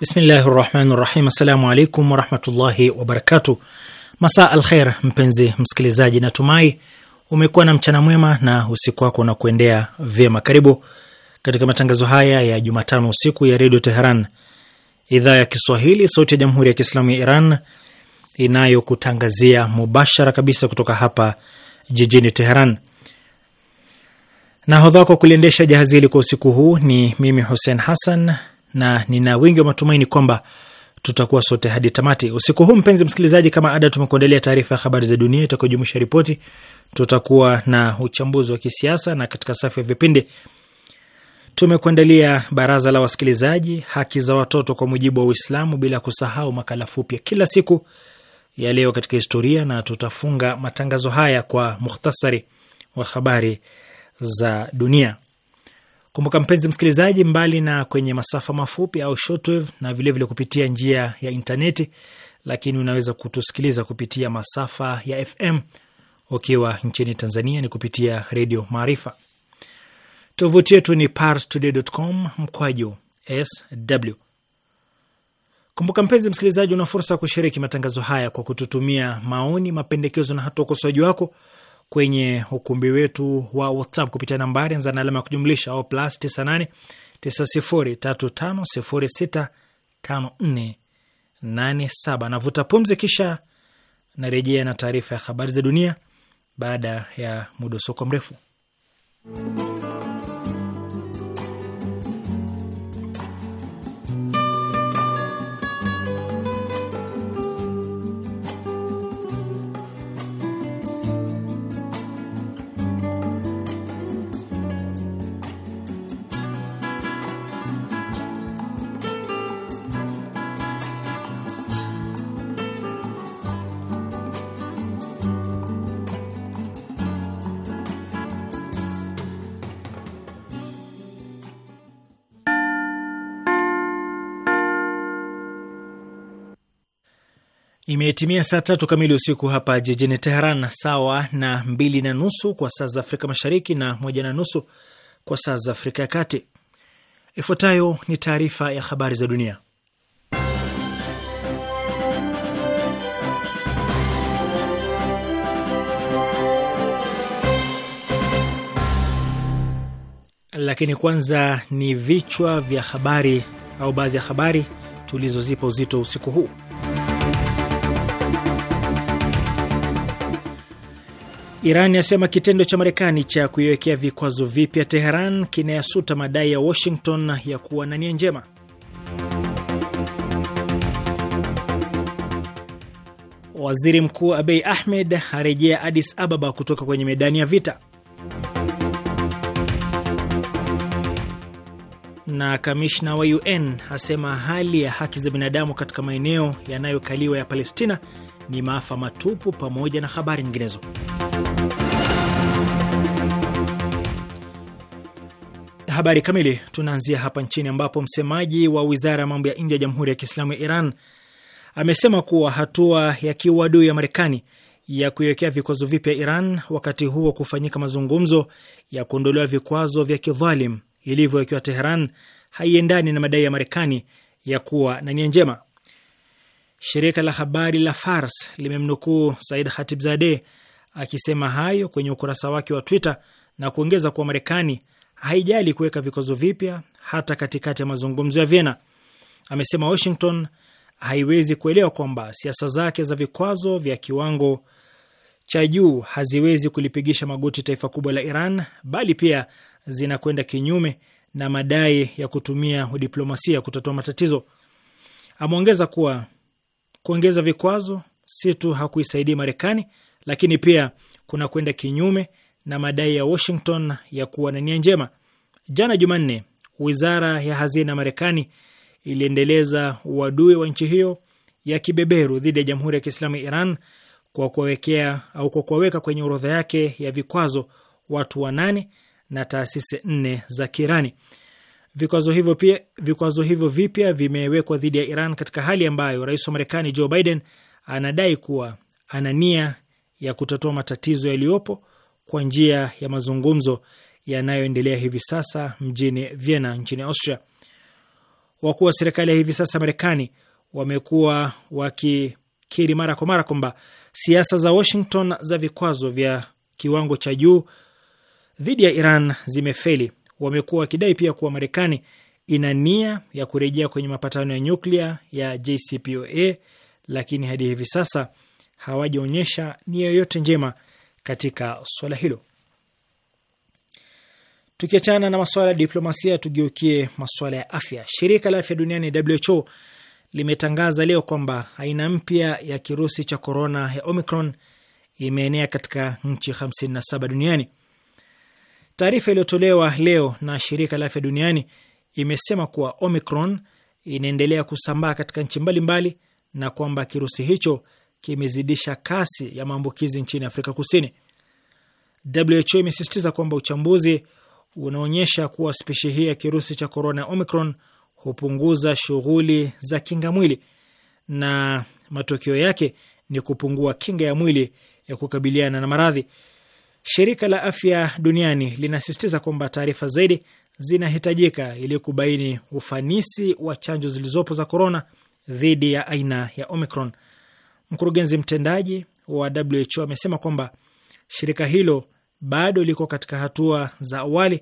Bismillahi rahmani rahim. Assalamu alaikum warahmatullahi wabarakatu. masa al khair, mpenzi msikilizaji, natumai umekuwa na mchana mwema na usiku wako na kuendea vyema. Karibu katika matangazo haya ya Jumatano usiku ya redio Teheran, idhaa ya Kiswahili, sauti ya jamhuri ya kiislamu ya Iran inayokutangazia mubashara kabisa kutoka hapa jijini Teheran. Nahodha wako kuliendesha jahazi hili kwa usiku huu ni mimi Hussein Hassan na nina wingi wa matumaini kwamba tutakuwa sote hadi tamati usiku huu. Mpenzi msikilizaji, kama ada, tumekuandalia taarifa ya habari za dunia itakayojumuisha ripoti, tutakuwa na uchambuzi wa kisiasa, na katika safu ya vipindi tumekuandalia baraza la wasikilizaji, haki za watoto kwa mujibu wa Uislamu, bila kusahau makala fupi ya kila siku ya leo katika historia, na tutafunga matangazo haya kwa mukhtasari wa habari za dunia. Kumbuka mpenzi msikilizaji, mbali na kwenye masafa mafupi au shortwave na vilevile vile kupitia njia ya intaneti, lakini unaweza kutusikiliza kupitia masafa ya FM ukiwa nchini Tanzania ni kupitia Redio Maarifa. Tovuti yetu ni parstoday.com mkwaju sw. Kumbuka mpenzi msikilizaji, una fursa ya kushiriki matangazo haya kwa kututumia maoni, mapendekezo na hata ukosoaji wako kwenye ukumbi wetu wa WhatsApp kupitia nambari anza na alama ya kujumlisha au plus 98 9035065487. Navuta pumzi kisha narejea na taarifa ya habari za dunia baada ya muda usoko mrefu. Imetimia saa tatu kamili usiku hapa jijini Teheran, sawa na mbili na nusu kwa saa za Afrika Mashariki na moja na nusu kwa saa za Afrika ya Kati. Ifuatayo ni taarifa ya habari za dunia, lakini kwanza ni vichwa vya habari au baadhi ya habari tulizozipa uzito usiku huu. Iran yasema kitendo cha Marekani cha kuiwekea vikwazo vipya Teheran kinayasuta madai ya Washington ya kuwa na nia njema. Waziri Mkuu Abei Ahmed arejea Addis Ababa kutoka kwenye medani ya vita. Na kamishna wa UN asema hali ya haki za binadamu katika maeneo yanayokaliwa ya Palestina ni maafa matupu, pamoja na habari nyinginezo. Habari kamili tunaanzia hapa nchini ambapo msemaji wa wizara ya mambo ya nje ya Jamhuri ya Kiislamu ya Iran amesema kuwa hatua ya kiuadui ya Marekani ya kuiwekea vikwazo vipya Iran wakati huo kufanyika mazungumzo ya kuondolewa vikwazo vya kidhalim ilivyowekewa Teheran haiendani na madai ya Marekani ya kuwa na nia njema. Shirika la habari la Fars limemnukuu Said Khatibzadeh akisema hayo kwenye ukurasa wake wa Twitter na kuongeza kuwa Marekani haijali kuweka vikwazo vipya hata katikati ya mazungumzo ya Vienna. Amesema Washington haiwezi kuelewa kwamba siasa zake za vikwazo vya kiwango cha juu haziwezi kulipigisha magoti taifa kubwa la Iran, bali pia zinakwenda kinyume na madai ya kutumia diplomasia kutatua matatizo. Ameongeza kuwa kuongeza vikwazo si tu hakuisaidia Marekani, lakini pia kuna kwenda kinyume na madai ya Washington ya kuwa na nia njema. Jana Jumanne, wizara ya hazina Marekani iliendeleza uadui wa nchi hiyo ya kibeberu dhidi ya Jamhuri ya Kiislamu ya Iran kwa kuwawekea au kwa kuwaweka kwenye orodha yake ya vikwazo watu wanane na taasisi nne za kirani. Vikwazo hivyo pia vikwazo hivyo vipya vimewekwa dhidi ya Iran katika hali ambayo rais wa Marekani Joe Biden anadai kuwa ana nia ya kutatua matatizo yaliyopo kwa njia ya mazungumzo yanayoendelea hivi sasa mjini Vienna nchini Austria. Wakuu wa serikali ya hivi sasa Marekani wamekuwa wakikiri mara kwa mara kwamba siasa za Washington za vikwazo vya kiwango cha juu dhidi ya Iran zimefeli. Wamekuwa wakidai pia kuwa Marekani ina nia ya kurejea kwenye mapatano ya nyuklia ya JCPOA, lakini hadi hivi sasa hawajaonyesha nia yoyote njema katika swala hilo. Tukiachana na masuala ya diplomasia, tugeukie masuala ya afya. Shirika la afya duniani WHO limetangaza leo kwamba aina mpya ya kirusi cha korona ya Omicron imeenea katika nchi 57 duniani. Taarifa iliyotolewa leo na shirika la afya duniani imesema kuwa Omicron inaendelea kusambaa katika nchi mbalimbali na kwamba kirusi hicho kimezidisha kasi ya maambukizi nchini Afrika Kusini. WHO imesisitiza kwamba uchambuzi unaonyesha kuwa spishi hii ya kirusi cha korona Omicron hupunguza shughuli za kinga mwili na matokeo yake ni kupungua kinga ya mwili ya kukabiliana na maradhi. Shirika la Afya Duniani linasisitiza kwamba taarifa zaidi zinahitajika ili kubaini ufanisi wa chanjo zilizopo za korona dhidi ya aina ya Omicron. Mkurugenzi mtendaji wa WHO amesema kwamba shirika hilo bado liko katika hatua za awali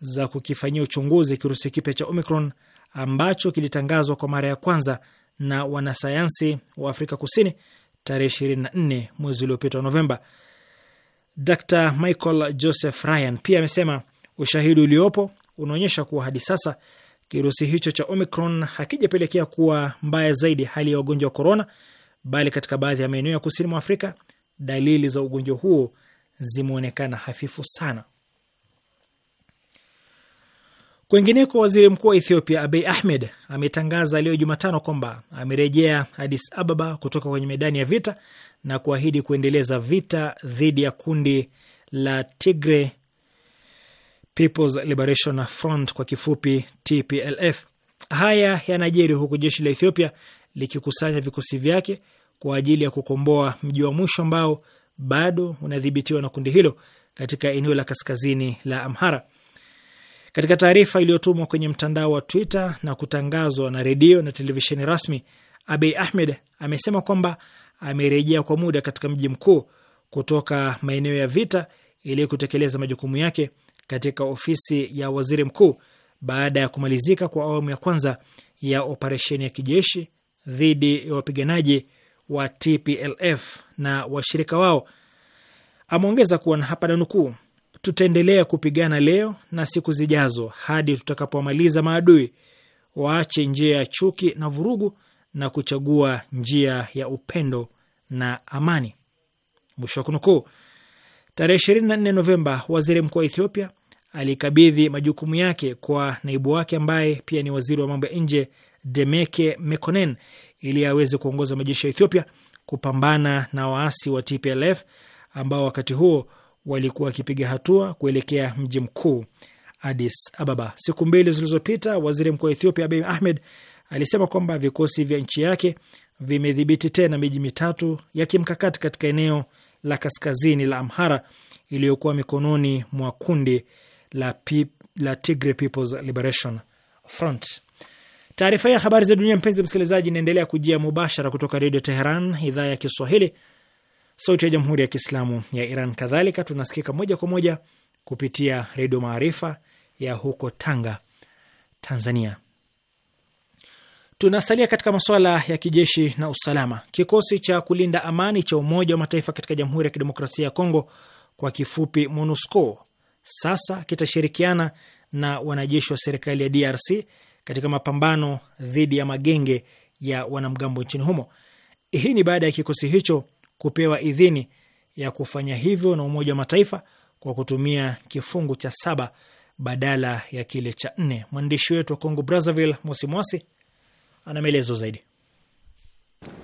za kukifanyia uchunguzi kirusi kipya cha Omicron ambacho kilitangazwa kwa mara ya kwanza na wanasayansi wa Afrika Kusini tarehe 24 mwezi uliopita wa Novemba. Dr Michael Joseph Ryan pia amesema ushahidi uliopo unaonyesha kuwa hadi sasa kirusi hicho cha Omicron hakijapelekea kuwa mbaya zaidi hali ya wagonjwa wa korona bali katika baadhi ya maeneo ya kusini mwa Afrika dalili za ugonjwa huo zimeonekana hafifu sana. Kwengineko, waziri mkuu wa Ethiopia Abiy Ahmed ametangaza leo Jumatano kwamba amerejea Addis Ababa kutoka kwenye medani ya vita na kuahidi kuendeleza vita dhidi ya kundi la Tigray People's Liberation Front kwa kifupi TPLF. Haya yanajiri huku jeshi la Ethiopia likikusanya vikosi vyake kwa ajili ya kukomboa mji wa mwisho ambao bado unadhibitiwa na kundi hilo katika eneo la kaskazini la Amhara. Katika taarifa iliyotumwa kwenye mtandao wa Twitter na kutangazwa na redio na televisheni rasmi, Abiy Ahmed amesema kwamba amerejea kwa muda katika mji mkuu kutoka maeneo ya vita ili kutekeleza majukumu yake katika ofisi ya waziri mkuu baada ya kumalizika kwa awamu ya kwanza ya operesheni ya kijeshi dhidi ya wapiganaji wa TPLF na washirika wao. Ameongeza kuwa na hapa nukuu, tutaendelea kupigana leo na siku zijazo hadi tutakapomaliza maadui, waache njia ya chuki na vurugu na kuchagua njia ya upendo na amani, mwisho wa kunukuu. Tarehe nne Novemba, waziri mkuu wa Ethiopia alikabidhi majukumu yake kwa naibu wake ambaye pia ni waziri wa mambo ya nje Demeke Mekonen, ili aweze kuongoza majeshi ya Ethiopia kupambana na waasi wa TPLF ambao wakati huo walikuwa wakipiga hatua kuelekea mji mkuu Addis Ababa. Siku mbili zilizopita, waziri mkuu wa Ethiopia Abiy Ahmed alisema kwamba vikosi vya nchi yake vimedhibiti tena miji mitatu ya kimkakati katika eneo la kaskazini la Amhara iliyokuwa mikononi mwa kundi la, la Tigray People's Liberation Front. Taarifa ya habari za dunia, mpenzi msikilizaji, inaendelea kujia mubashara kutoka Redio Teheran, idhaa ya Kiswahili, sauti ya Jamhuri ya Kiislamu ya Iran. Kadhalika tunasikika moja kwa moja kupitia Redio Maarifa ya huko Tanga, Tanzania. Tunasalia katika masuala ya kijeshi na usalama. Kikosi cha kulinda amani cha Umoja wa Mataifa katika Jamhuri ya Kidemokrasia ya Kongo, kwa kifupi MONUSCO, sasa kitashirikiana na wanajeshi wa serikali ya DRC katika mapambano dhidi ya magenge ya wanamgambo nchini humo. Hii ni baada ya kikosi hicho kupewa idhini ya kufanya hivyo na Umoja wa Mataifa kwa kutumia kifungu cha saba badala ya kile cha nne. Mwandishi wetu wa Kongo Brazzaville, Mosi Mwasi, ana maelezo zaidi.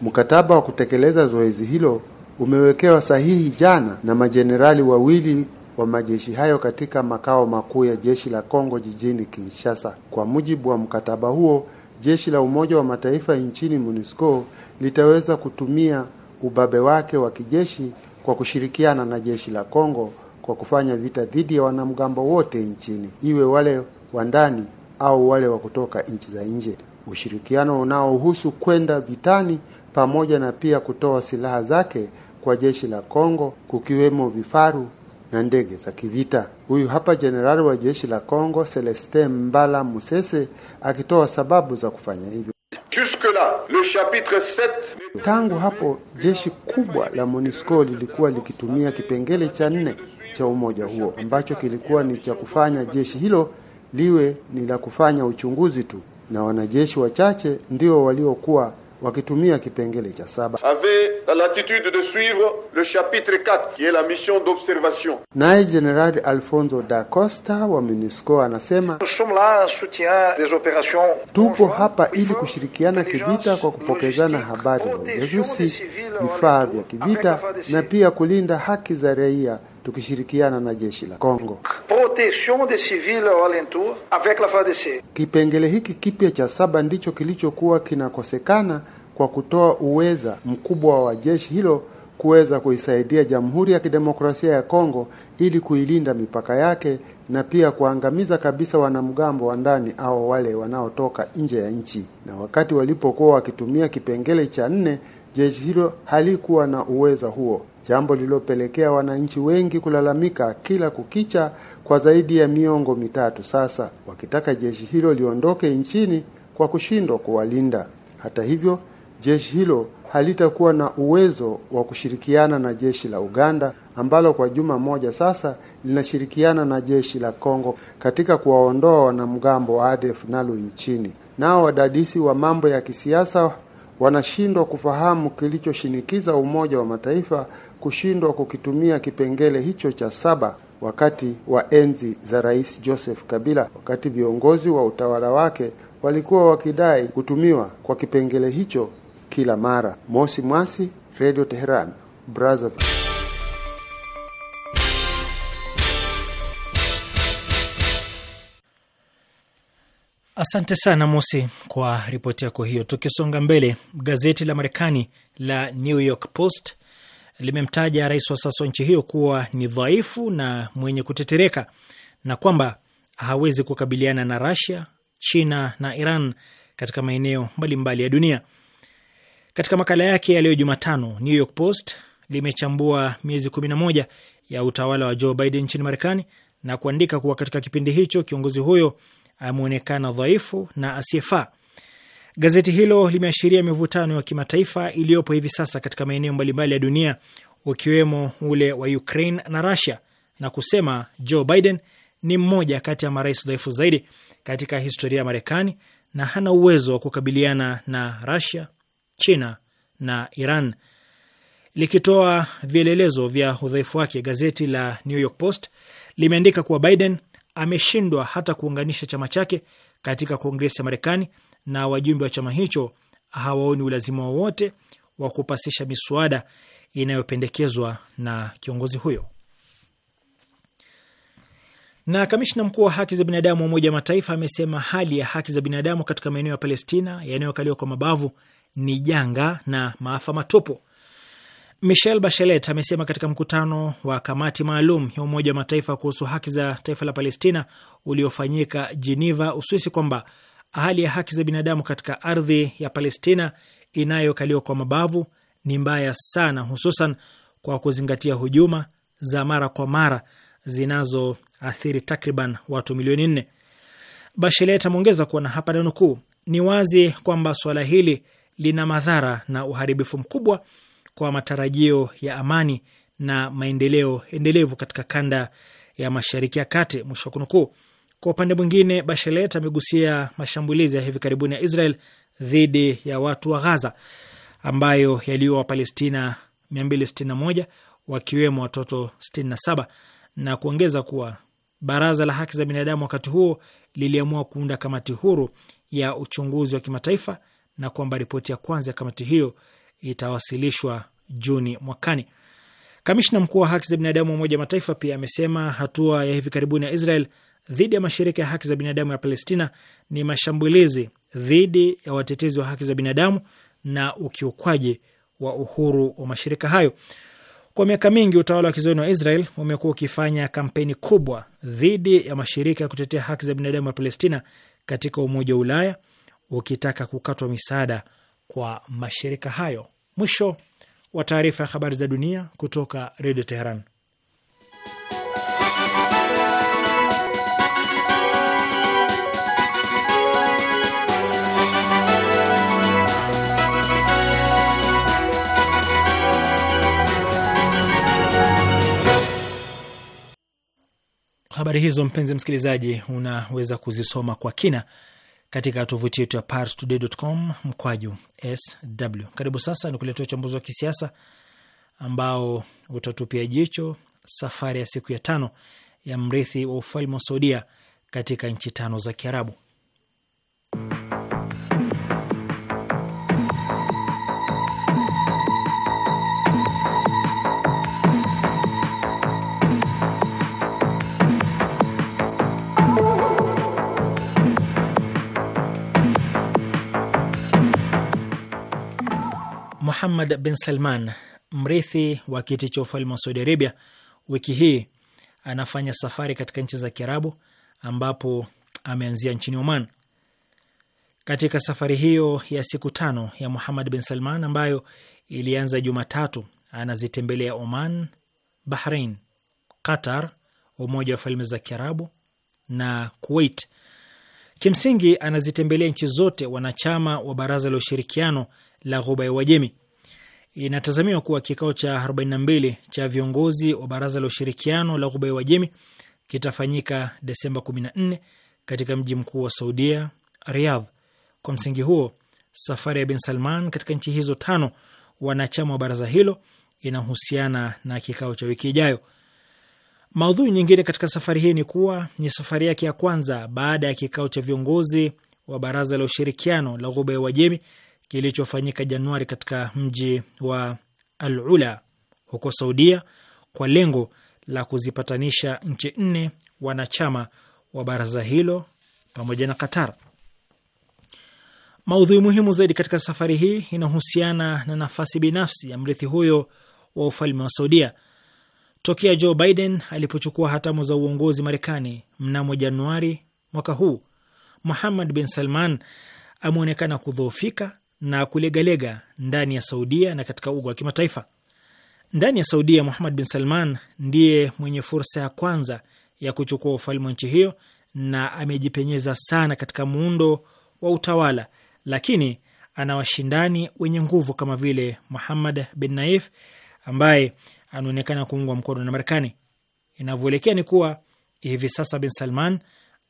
Mkataba wa kutekeleza zoezi hilo umewekewa sahihi jana na majenerali wawili wa majeshi hayo katika makao makuu ya jeshi la Kongo jijini Kinshasa. Kwa mujibu wa mkataba huo, jeshi la Umoja wa Mataifa nchini MONUSCO litaweza kutumia ubabe wake wa kijeshi kwa kushirikiana na jeshi la Kongo kwa kufanya vita dhidi ya wanamgambo wote nchini, iwe wale wa ndani au wale wa kutoka nchi za nje, ushirikiano unaohusu kwenda vitani pamoja na pia kutoa silaha zake kwa jeshi la Kongo, kukiwemo vifaru na ndege za kivita. Huyu hapa jenerali wa jeshi la Kongo Celeste Mbala Musese akitoa sababu za kufanya hivyo. Tangu hapo jeshi kubwa la MONUSCO lilikuwa likitumia kipengele cha nne cha umoja huo ambacho kilikuwa ni cha kufanya jeshi hilo liwe ni la kufanya uchunguzi tu, na wanajeshi wachache ndio waliokuwa wakitumia kipengele cha saba. Avait latitude de suivre le chapitre 4 qui est la mission d'observation. Naye General Alfonso da Costa wa MONUSCO anasema tupo hapa ili kushirikiana kivita kwa kupokezana habari za ujasusi, vifaa vya kivita na pia kulinda haki za raia tukishirikiana na jeshi la Kongo. Protection des civils alentour avec la FARDC. Kipengele hiki kipya cha saba ndicho kilichokuwa kinakosekana kwa kutoa uweza mkubwa wa jeshi hilo kuweza kuisaidia Jamhuri ya Kidemokrasia ya Kongo ili kuilinda mipaka yake na pia kuangamiza kabisa wanamgambo wa ndani au wale wanaotoka nje ya nchi. Na wakati walipokuwa wakitumia kipengele cha nne, jeshi hilo halikuwa na uweza huo jambo lililopelekea wananchi wengi kulalamika kila kukicha kwa zaidi ya miongo mitatu sasa, wakitaka jeshi hilo liondoke nchini kwa kushindwa kuwalinda. Hata hivyo, jeshi hilo halitakuwa na uwezo wa kushirikiana na jeshi la Uganda ambalo kwa juma moja sasa linashirikiana na jeshi la Kongo katika kuwaondoa wanamgambo wa ADF nalo nchini. Nao wadadisi wa mambo ya kisiasa wanashindwa kufahamu kilichoshinikiza Umoja wa Mataifa kushindwa kukitumia kipengele hicho cha saba wakati wa enzi za Rais Joseph Kabila, wakati viongozi wa utawala wake walikuwa wakidai kutumiwa kwa kipengele hicho kila mara. Mosi Mwasi, Radio Teheran, Brazzaville. Asante sana Mosi kwa ripoti yako hiyo. Tukisonga mbele, gazeti la Marekani la New York Post limemtaja rais wa sasa wa nchi hiyo kuwa ni dhaifu na mwenye kutetereka na kwamba hawezi kukabiliana na Rasia, China na Iran katika maeneo mbalimbali ya dunia. Katika makala yake ya leo Jumatano, New York Post limechambua miezi 11 ya utawala wa Joe Biden nchini Marekani na kuandika kuwa katika kipindi hicho kiongozi huyo ameonekana dhaifu na asiyefaa. Gazeti hilo limeashiria mivutano ya kimataifa iliyopo hivi sasa katika maeneo mbalimbali ya dunia ukiwemo ule wa Ukraine na Russia na kusema Joe Biden ni mmoja kati ya marais dhaifu zaidi katika historia ya Marekani na hana uwezo wa kukabiliana na Russia, China na Iran. Likitoa vielelezo vya udhaifu wake, gazeti la New York Post limeandika kuwa Biden ameshindwa hata kuunganisha chama chake katika Kongresi ya Marekani na wajumbe wa chama hicho hawaoni ulazima wowote wa kupasisha miswada inayopendekezwa na kiongozi huyo. Na kamishna mkuu wa haki za binadamu wa Umoja wa Mataifa amesema hali ya haki za binadamu katika maeneo ya Palestina yanayokaliwa kwa mabavu ni janga na maafa matupu. Michel Bachelet amesema katika mkutano wa kamati maalum ya Umoja wa Mataifa kuhusu haki za taifa la Palestina uliofanyika Geneva, Uswisi, kwamba hali ya haki za binadamu katika ardhi ya Palestina inayokaliwa kwa mabavu ni mbaya sana, hususan kwa kuzingatia hujuma za mara kwa mara zinazoathiri takriban watu milioni nne. Bashelet ameongeza kuwa na hapa nanukuu, ni wazi kwamba suala hili lina madhara na uharibifu mkubwa kwa matarajio ya amani na maendeleo endelevu katika kanda ya Mashariki ya Kati, mwisho wa kunukuu. Kwa upande mwingine, Bachelet amegusia mashambulizi ya hivi karibuni ya Israel dhidi ya watu wa Ghaza ambayo yaliua Wapalestina 261 wakiwemo watoto 67 na kuongeza kuwa Baraza la Haki za Binadamu wakati huo liliamua kuunda kamati huru ya uchunguzi wa kimataifa na kwamba ripoti ya kwanza ya kamati hiyo itawasilishwa Juni mwakani. Kamishna mkuu wa haki za binadamu wa Umoja Mataifa pia amesema hatua ya hivi karibuni ya Israel dhidi ya mashirika ya haki za binadamu ya Palestina ni mashambulizi dhidi ya watetezi wa haki za binadamu na ukiukwaji wa uhuru wa mashirika hayo. Kwa miaka mingi utawala wa kizoni wa Israel umekuwa ukifanya kampeni kubwa dhidi ya mashirika ya kutetea haki za binadamu ya Palestina katika Umoja wa Ulaya, ukitaka kukatwa misaada kwa mashirika hayo. Mwisho wa taarifa ya habari za dunia kutoka Redio Teheran. Habari hizo mpenzi msikilizaji, unaweza kuzisoma kwa kina katika tovuti yetu ya parstoday.com mkwaju sw. Karibu sasa ni kuletea uchambuzi wa kisiasa ambao utatupia jicho safari ya siku ya tano ya mrithi wa ufalme wa Saudia katika nchi tano za Kiarabu. Muhammad bin Salman, mrithi wa kiti cha ufalme wa Saudi Arabia, wiki hii anafanya safari katika nchi za Kiarabu ambapo ameanzia nchini Oman. Katika safari hiyo ya siku tano ya Muhammad bin Salman ambayo ilianza Jumatatu, anazitembelea Oman, Bahrain, Qatar, Umoja wa Falme za Kiarabu na Kuwait. Kimsingi anazitembelea nchi zote wanachama wa Baraza la Ushirikiano la Ghuba ya Uajemi inatazamiwa kuwa kikao cha 42 cha viongozi wa baraza la ushirikiano la ghuba ya Uajemi kitafanyika Desemba 14 katika mji mkuu wa Saudia, Riyadh. Kwa msingi huo, safari ya Bin Salman katika nchi hizo tano wanachama wa baraza hilo inahusiana na kikao cha wiki ijayo. Maudhui nyingine katika safari hii ni kuwa ni safari yake ya kwanza baada ya kikao cha viongozi wa baraza la ushirikiano la ghuba ya Uajemi kilichofanyika Januari katika mji wa Al Ula huko Saudia kwa lengo la kuzipatanisha nchi nne wanachama wa baraza hilo pamoja na Qatar. Maudhui muhimu zaidi katika safari hii inahusiana na nafasi binafsi ya mrithi huyo wa ufalme wa Saudia. Tokea Joe Biden alipochukua hatamu za uongozi Marekani mnamo Januari mwaka huu, Muhammad bin Salman ameonekana kudhoofika na kulegalega ndani ya Saudia na katika uga wa kimataifa. Ndani ya Saudia, Muhammad bin Salman ndiye mwenye fursa ya kwanza ya kuchukua ufalme wa nchi hiyo na amejipenyeza sana katika muundo wa utawala, lakini ana washindani wenye nguvu kama vile Muhammad bin Naif ambaye anaonekana kuungwa mkono na Marekani. Inavyoelekea ni kuwa hivi sasa bin Salman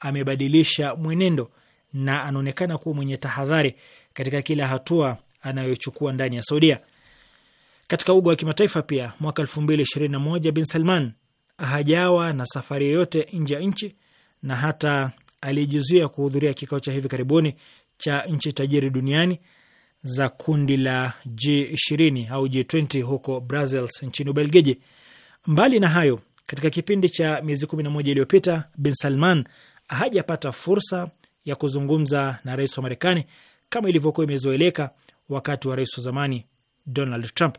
amebadilisha mwenendo na anaonekana kuwa mwenye tahadhari katika kila hatua anayochukua ndani ya Saudia. Katika uga wa kimataifa pia, mwaka elfu mbili ishirini na moja Bin Salman hajawa na safari yoyote nje ya nchi na hata alijizuia kuhudhuria kikao cha hivi karibuni cha nchi tajiri duniani za kundi la G20 au G20 huko Brussels nchini Ubelgiji. Mbali na hayo, katika kipindi cha miezi 11 iliyopita, Bin Salman hajapata fursa ya kuzungumza na rais wa Marekani kama ilivyokuwa imezoeleka wakati wa rais wa zamani Donald Trump.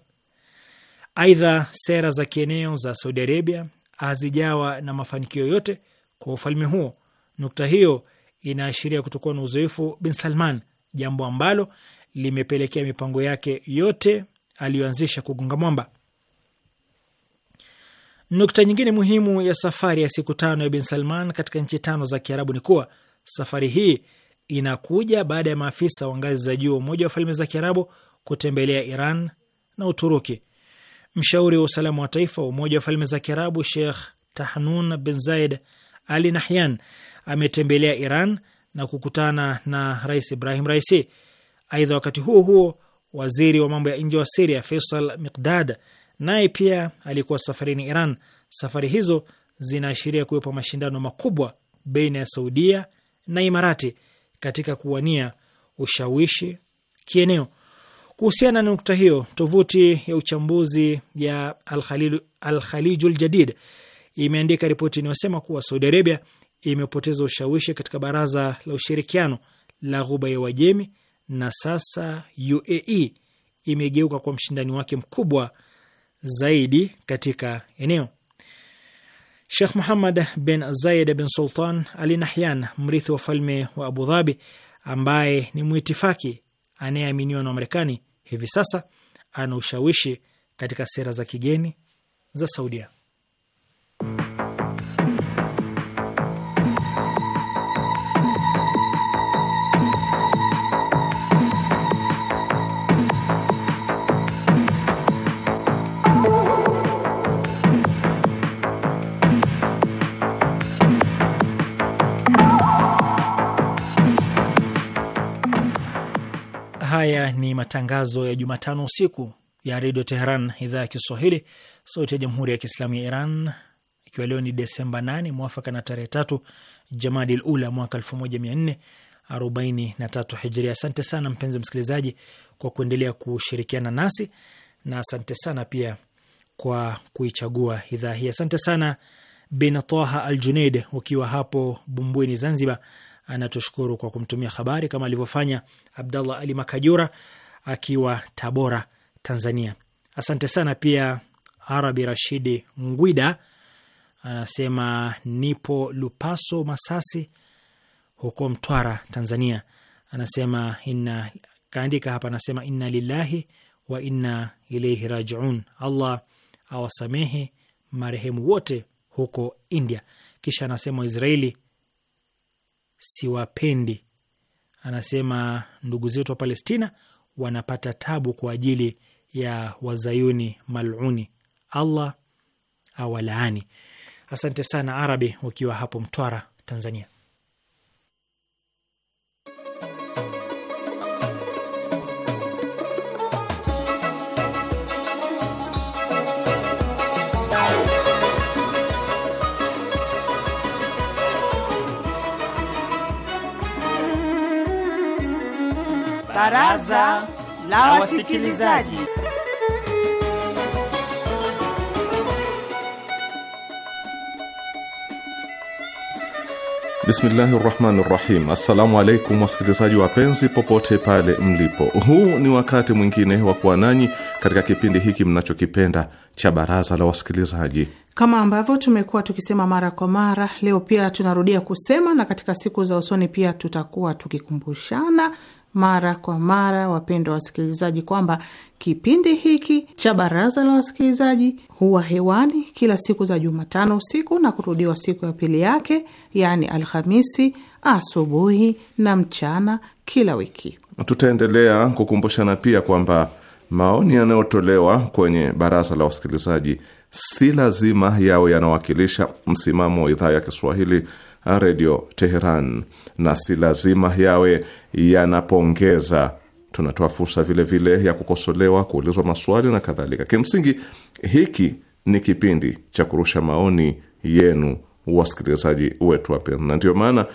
Aidha, sera za kieneo za Saudi Arabia hazijawa na mafanikio yote kwa ufalme huo. Nukta hiyo inaashiria kutokuwa na uzoefu Bin Salman, jambo ambalo limepelekea mipango yake yote aliyoanzisha kugonga mwamba. Nukta nyingine muhimu ya safari ya siku tano ya Bin Salman katika nchi tano za Kiarabu ni kuwa safari hii inakuja baada ya maafisa wa ngazi za juu wa Umoja wa Falme za Kiarabu kutembelea Iran na Uturuki. Mshauri wa usalama wa taifa wa Umoja wa Falme za Kiarabu Sheikh Tahnun bin Zaid Ali Nahyan ametembelea Iran na kukutana na Rais Ibrahim Raisi. Aidha, wakati huo huo, waziri wa mambo ya nje wa Siria Faisal Miqdad naye pia alikuwa safarini Iran. Safari hizo zinaashiria kuwepo mashindano makubwa baina ya Saudia na Imarati katika kuwania ushawishi kieneo. Kuhusiana na nukta hiyo, tovuti ya uchambuzi ya Alkhalijul Ljadid imeandika ripoti inayosema kuwa Saudi Arabia imepoteza ushawishi katika Baraza la Ushirikiano la Ghuba ya Uajemi na sasa UAE imegeuka kwa mshindani wake mkubwa zaidi katika eneo. Shekh Muhammad bin Zayed bin Sultan Al Nahyan, mrithi wa ufalme wa Abu Dhabi ambaye ni mwitifaki anayeaminiwa na Marekani, hivi sasa ana ushawishi katika sera za kigeni za Saudia. Haya ni matangazo ya Jumatano usiku ya Redio Teheran, idhaa ya Kiswahili, sauti ya Jamhuri ya Kiislamu ya Iran, ikiwa leo ni Desemba 8 mwafaka na tarehe tatu Jamadil Ula mwaka 1443 Hijria. Asante sana mpenzi msikilizaji kwa kuendelea kushirikiana nasi na asante sana pia kwa kuichagua idhaa hii. Asante sana Bin Taha Al Juneid ukiwa hapo Bumbwini, Zanzibar anatushukuru kwa kumtumia habari kama alivyofanya Abdallah Ali Makajura akiwa Tabora, Tanzania. Asante sana pia Arabi Rashidi Ngwida anasema nipo Lupaso, Masasi huko Mtwara, Tanzania. Anasema inna, kaandika hapa, anasema inna lillahi wa inna ilaihi rajiun. Allah awasamehe marehemu wote huko India. Kisha anasema Waisraeli siwapendi. Anasema ndugu zetu wa Palestina wanapata tabu kwa ajili ya wazayuni maluni, Allah awalaani. Asante sana Arabi, ukiwa hapo Mtwara, Tanzania. Baraza la Wasikilizaji. Bismillahi rahmani rahim. Assalamu alaikum wasikilizaji wapenzi, popote pale mlipo, huu ni wakati mwingine wa kuwa nanyi katika kipindi hiki mnachokipenda cha baraza la wasikilizaji. Kama ambavyo tumekuwa tukisema mara kwa mara, leo pia tunarudia kusema, na katika siku za usoni pia tutakuwa tukikumbushana mara kwa mara, wapendwa wasikilizaji, kwamba kipindi hiki cha Baraza la Wasikilizaji huwa hewani kila siku za Jumatano usiku na kurudiwa siku ya pili yake, yaani Alhamisi asubuhi na mchana kila wiki. Tutaendelea kukumbushana pia kwamba maoni yanayotolewa kwenye Baraza la Wasikilizaji si lazima yawe yanawakilisha msimamo wa idhaa ya Kiswahili Redio Teheran na si lazima yawe yanapongeza. Tunatoa fursa vile vile ya kukosolewa, kuulizwa maswali na kadhalika. Kimsingi hiki ni kipindi cha kurusha maoni yenu, wasikilizaji wetu wapenzi, na ndiyo maana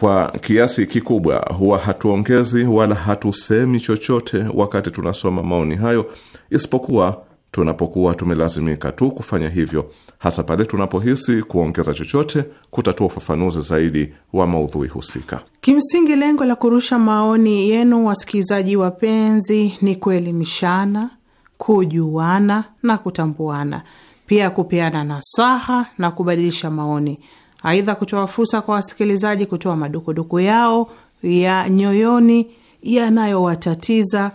kwa kiasi kikubwa huwa hatuongezi wala hatusemi chochote wakati tunasoma maoni hayo, isipokuwa tunapokuwa tumelazimika tu kufanya hivyo, hasa pale tunapohisi kuongeza chochote kutatua ufafanuzi zaidi wa maudhui husika. Kimsingi, lengo la kurusha maoni yenu, wasikilizaji wapenzi, ni kuelimishana, kujuana na kutambuana, pia kupeana nasaha na kubadilisha maoni. Aidha, kutoa fursa kwa wasikilizaji kutoa madukuduku yao ya nyoyoni yanayowatatiza,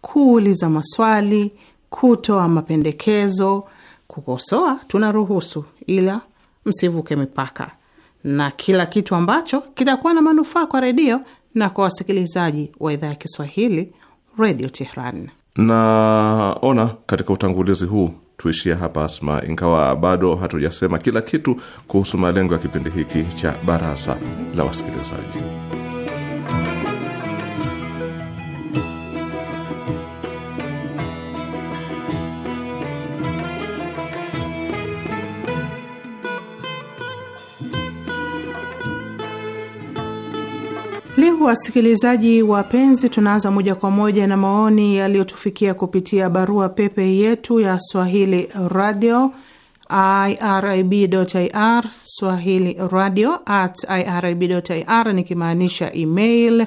kuuliza maswali kutoa mapendekezo, kukosoa tunaruhusu, ila msivuke mipaka, na kila kitu ambacho kitakuwa na manufaa kwa redio na kwa wasikilizaji wa idhaa ya Kiswahili Redio Tehran. Naona katika utangulizi huu tuishia hapa Asma, ingawa bado hatujasema kila kitu kuhusu malengo ya kipindi hiki cha baraza la wasikilizaji. Wasalihu wasikilizaji wapenzi, tunaanza moja kwa moja na maoni yaliyotufikia kupitia barua pepe yetu ya Swahili radio irib.ir, Swahili radio at irib.ir, nikimaanisha email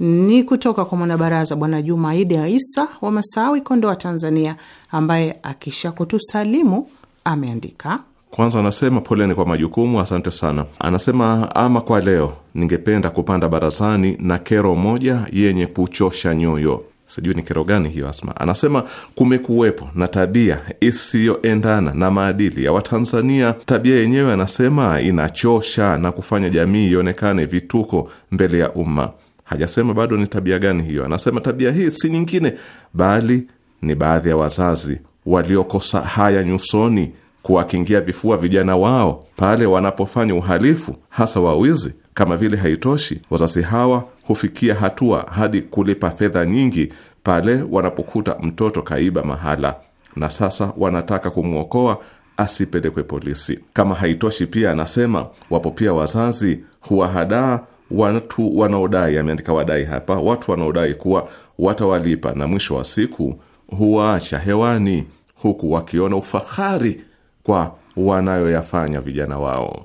ni kutoka kwa mwanabaraza Bwana Juma Aidi Aisa wa Masawi, Kondoa, Tanzania, ambaye akisha kutusalimu ameandika kwanza anasema poleni kwa majukumu, asante sana. Anasema ama kwa leo ningependa kupanda barazani na kero moja yenye kuchosha nyoyo. Sijui ni kero gani hiyo, Asma. Anasema kumekuwepo na tabia isiyoendana na maadili ya Watanzania. Tabia yenyewe anasema inachosha na kufanya jamii ionekane vituko mbele ya umma. Hajasema bado ni tabia gani hiyo. Anasema tabia hii si nyingine bali ni baadhi ya wazazi waliokosa haya nyusoni kuwakingia vifua vijana wao pale wanapofanya uhalifu, hasa wawizi. Kama vile haitoshi, wazazi hawa hufikia hatua hadi kulipa fedha nyingi pale wanapokuta mtoto kaiba mahala, na sasa wanataka kumwokoa asipelekwe polisi. Kama haitoshi, pia anasema wapo pia wazazi huwahadaa watu wanaodai, ameandika wadai hapa, watu wanaodai kuwa watawalipa, na mwisho wa siku huwaacha hewani, huku wakiona ufahari kwa wanayoyafanya vijana wao.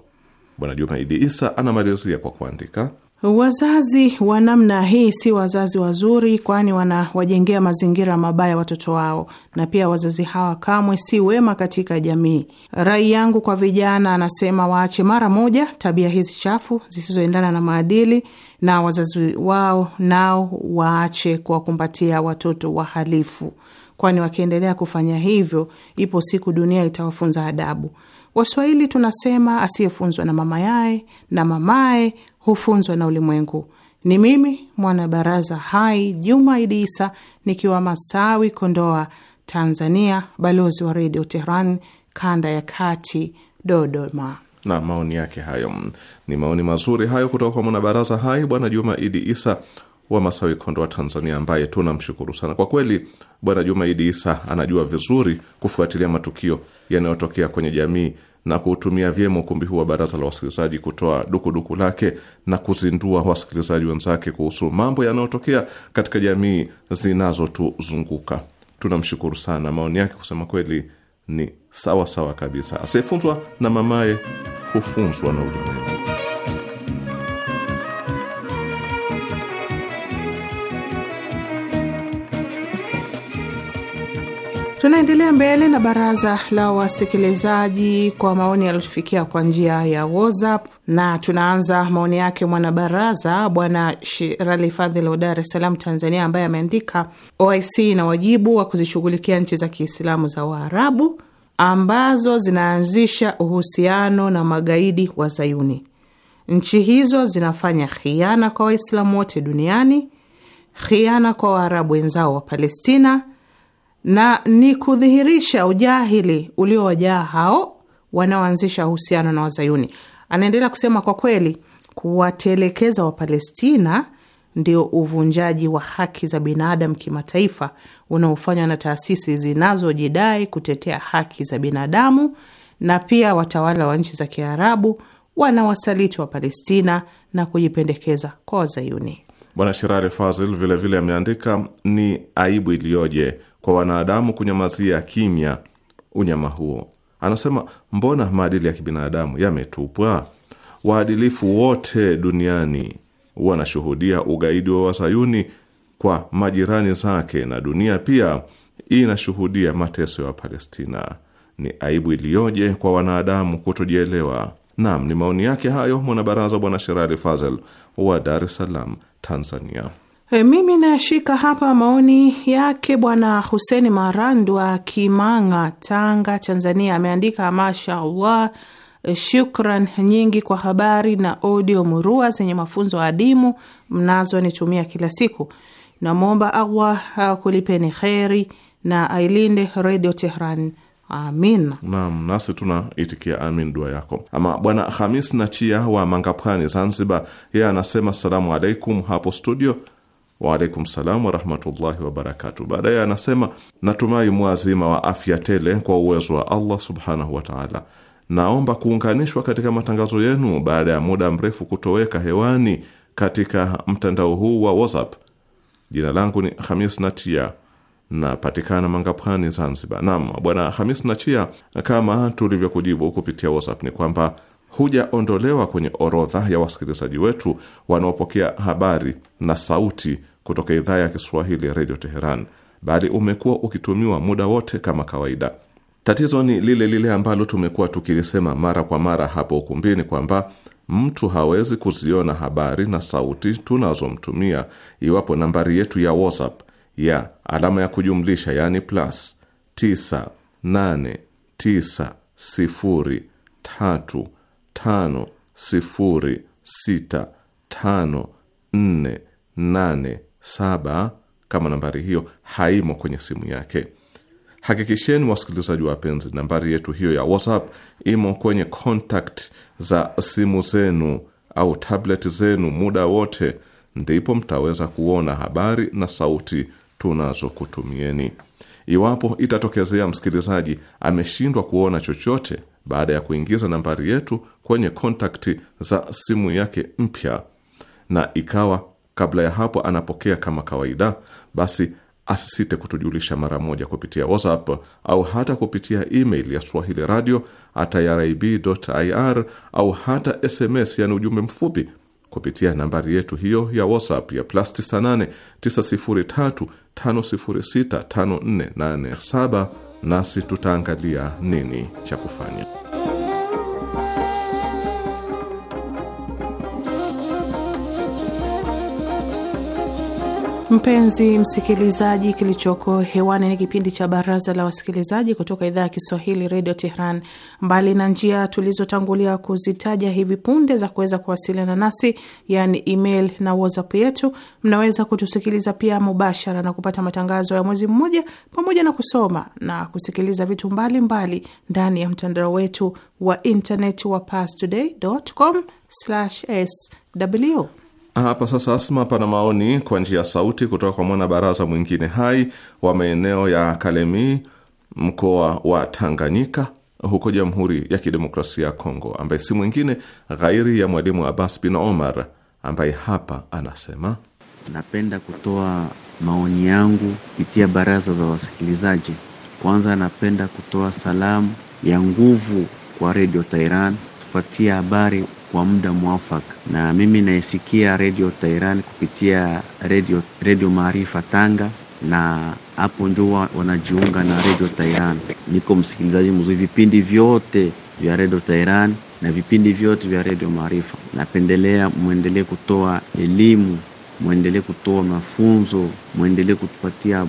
Bwana Juma Idi Isa anamalizia kwa kuandika, wazazi wa namna hii si wazazi wazuri, kwani wanawajengea mazingira mabaya watoto wao, na pia wazazi hawa kamwe si wema katika jamii. Rai yangu kwa vijana, anasema, waache mara moja tabia hizi chafu zisizoendana na maadili, na wazazi wao nao waache kuwakumbatia watoto wahalifu kwani wakiendelea kufanya hivyo, ipo siku dunia itawafunza adabu. Waswahili tunasema asiyefunzwa na mama yaye na mamaye hufunzwa na ulimwengu. Ni mimi mwanabaraza hai Juma Idi Isa nikiwa Masawi, Kondoa, Tanzania, balozi wa Redio Tehran kanda ya kati, Dodoma. Na maoni yake hayo ni maoni mazuri hayo kutoka kwa mwanabaraza hai Bwana Juma Idi Isa wa Masawi Kondo wa Tanzania, ambaye tunamshukuru sana kwa kweli. Bwana Jumaidi Isa anajua vizuri kufuatilia matukio yanayotokea kwenye jamii na kuutumia vyema ukumbi huu wa baraza la wasikilizaji kutoa dukuduku lake na kuzindua wasikilizaji wenzake kuhusu mambo yanayotokea katika jamii zinazotuzunguka. Tunamshukuru sana. Maoni yake kusema kweli ni sawa sawa kabisa. Asiyefunzwa na mamaye hufunzwa na ulimwengu. Tunaendelea mbele na baraza la wasikilizaji kwa maoni yaliyotufikia kwa njia ya WhatsApp, na tunaanza maoni yake mwanabaraza Bwana Shirali Fadhili wa Dar es Salaam, Tanzania, ambaye ameandika OIC ina wajibu wa kuzishughulikia nchi za Kiislamu za Waarabu ambazo zinaanzisha uhusiano na magaidi wa Zayuni. Nchi hizo zinafanya khiana kwa Waislamu wote duniani, khiana kwa Waarabu wenzao wa Palestina na ni kudhihirisha ujahili uliowajaa hao wanaoanzisha uhusiano na Wazayuni. Anaendelea kusema, kwa kweli kuwatelekeza Wapalestina ndio uvunjaji wa haki za binadamu kimataifa unaofanywa na taasisi zinazojidai kutetea haki za binadamu na pia watawala wa nchi za Kiarabu wanawasaliti wa Palestina na kujipendekeza kwa Wazayuni. Bwana Shirari Fazil vilevile ameandika ni aibu iliyoje kwa wanadamu kunyamazia kimya unyama huo. Anasema, mbona maadili ya kibinadamu yametupwa? Waadilifu wote duniani wanashuhudia ugaidi wa Wasayuni kwa majirani zake, na dunia pia inashuhudia mateso ya Palestina. Ni aibu iliyoje kwa wanadamu kutojielewa. Naam, ni maoni yake hayo mwanabaraza Bwana Sherali Fazel wa Dar es Salaam, Tanzania. E, mimi nashika hapa maoni yake bwana Huseni Marandwa Kimanga, Tanga, Tanzania. Ameandika mashaallah, eh, shukran nyingi kwa habari na audio murua zenye mafunzo adimu mnazonitumia kila siku. Namwomba Allah eh, akulipeni kheri na ailinde Redio Tehran. Amin. Naam, nasi tunaitikia amin dua yako. Ama bwana Hamis Nachia wa Mangapwani, Zanzibar, yeye anasema assalamu alaikum hapo studio Waalaikum salam warahmatullahi wabarakatu. Baadaye anasema natumai mwazima wa afya tele kwa uwezo wa Allah subhanahu wataala. Naomba kuunganishwa katika matangazo yenu baada ya muda mrefu kutoweka hewani katika mtandao huu wa WhatsApp. Jina langu ni Hamis Natia, napatikana Mangapwani, Zanzibar. Naam, Bwana Hamis Nachia, kama tulivyokujibu kupitia WhatsApp ni kwamba hujaondolewa kwenye orodha ya wasikilizaji wetu wanaopokea habari na sauti kutoka idhaa ya Kiswahili ya redio Teheran, bali umekuwa ukitumiwa muda wote kama kawaida. Tatizo ni lile lile ambalo tumekuwa tukilisema mara kwa mara hapo ukumbini kwamba mtu hawezi kuziona habari na sauti tunazomtumia iwapo nambari yetu ya WhatsApp ya alama ya kujumlisha yaani plus 98 saba kama nambari hiyo haimo kwenye simu yake. Hakikisheni wasikilizaji wapenzi, nambari yetu hiyo ya WhatsApp imo kwenye contact za simu zenu au tablet zenu muda wote, ndipo mtaweza kuona habari na sauti tunazokutumieni. Iwapo itatokezea msikilizaji ameshindwa kuona chochote baada ya kuingiza nambari yetu kwenye kontakti za simu yake mpya na ikawa Kabla ya hapo anapokea kama kawaida, basi asisite kutujulisha mara moja kupitia WhatsApp au hata kupitia email ya Swahili radio at irib.ir au hata SMS, yani ujumbe mfupi kupitia nambari yetu hiyo ya WhatsApp ya plus 98 903 506 5487, nasi tutaangalia nini cha kufanya. Mpenzi msikilizaji, kilichoko hewani ni kipindi cha Baraza la Wasikilizaji kutoka idhaa ya Kiswahili Redio Tehran. Mbali na njia tulizotangulia kuzitaja hivi punde za kuweza kuwasiliana nasi, yaani email na WhatsApp yetu, mnaweza kutusikiliza pia mubashara na kupata matangazo ya mwezi mmoja, pamoja na kusoma na kusikiliza vitu mbalimbali mbali ndani ya mtandao wetu wa internet wa pastoday.com/sw hapa sasa, Asma, pana maoni kwa njia ya sauti kutoka kwa mwanabaraza mwingine hai wa maeneo ya Kalemie, mkoa wa Tanganyika, huko Jamhuri ya Kidemokrasia ya Kongo, ambaye si mwingine ghairi ya Mwalimu Abbas bin Omar, ambaye hapa anasema napenda kutoa maoni yangu kupitia baraza za wasikilizaji. Kwanza napenda kutoa salamu ya nguvu kwa Redio Tairan kupatia habari kwa muda mwafaka, na mimi naisikia redio Tairan kupitia redio redio Maarifa Tanga, na hapo ndio wanajiunga na redio Tairan. Niko msikilizaji mzuri vipindi vyote vya redio Tairan na vipindi vyote vya redio Maarifa. Napendelea mwendelee kutoa elimu, mwendelee kutoa mafunzo, mwendelee kutupatia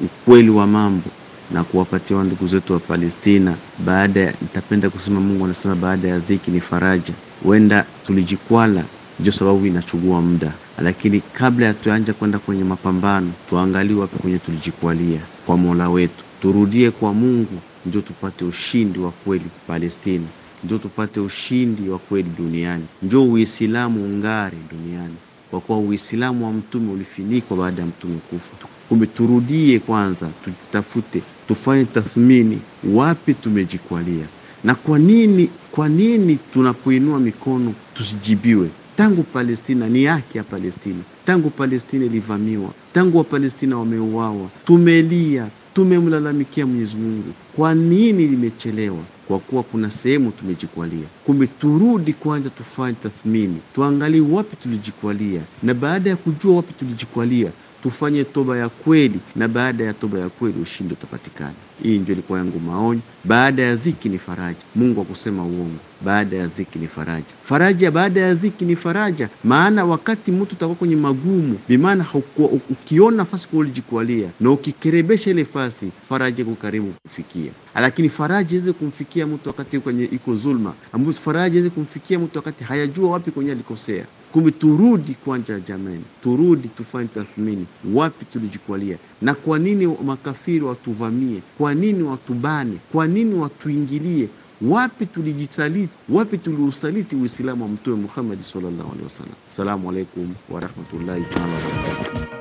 ukweli wa mambo na kuwapatia ndugu zetu wa Palestina. Baada ya nitapenda kusema Mungu anasema baada ya dhiki ni faraja. Huenda tulijikwala, ndio sababu inachukua muda, lakini kabla ya tuanze kwenda kwenye mapambano, tuangalie wapi kwenye tulijikwalia kwa Mola wetu, turudie kwa Mungu ndio tupate ushindi wa kweli Palestina, ndio tupate ushindi wa kweli duniani, ndio Uislamu ungare duniani, kwa kuwa Uislamu wa mtume ulifinikwa baada ya mtume kufa. Kumbe turudie kwanza, tujitafute tufanye tathmini, wapi tumejikwalia na kwa nini. Kwa nini tunapoinua mikono tusijibiwe? Tangu Palestina ni yake ya Palestina, tangu Palestina ilivamiwa, tangu Wapalestina wameuawa, tumelia, tumemlalamikia Mwenyezi Mungu. Kwa nini limechelewa? Kwa kuwa kuna sehemu tumejikwalia. Kumbe turudi kwanza, tufanye tathmini, tuangalie wapi tulijikwalia, na baada ya kujua wapi tulijikwalia tufanye toba ya kweli, na baada ya toba ya kweli ushindi utapatikana. Hii ndio ilikuwa yangu maoni Baada ya dhiki ni faraja. Mungu akusema uongo, baada ya dhiki ni faraja. Faraja baada ya dhiki ni faraja, maana wakati mtu utakuwa kwenye magumu, bimaana ukiona nafasi kulijikwalia na ukikerebesha ile fasi, faraja iko karibu kufikia. Lakini faraja iweze kumfikia mtu wakati kwenye iko zulma, ambapo faraja iweze kumfikia mtu wakati hayajua wapi kwenye alikosea. Kumbe turudi kwanja, jamani, turudi tufanye tathmini, wapi tulijikwalia na kwa nini makafiri watuvamie? Kwa nini watubane? Kwa nini watuingilie? Wapi tulijisaliti? Wapi tuliusaliti Uislamu wa Mtume muhamadi sallallahu alaihi wasallam? Assalamu alaikum warahmatullahi taala wabarakatuh.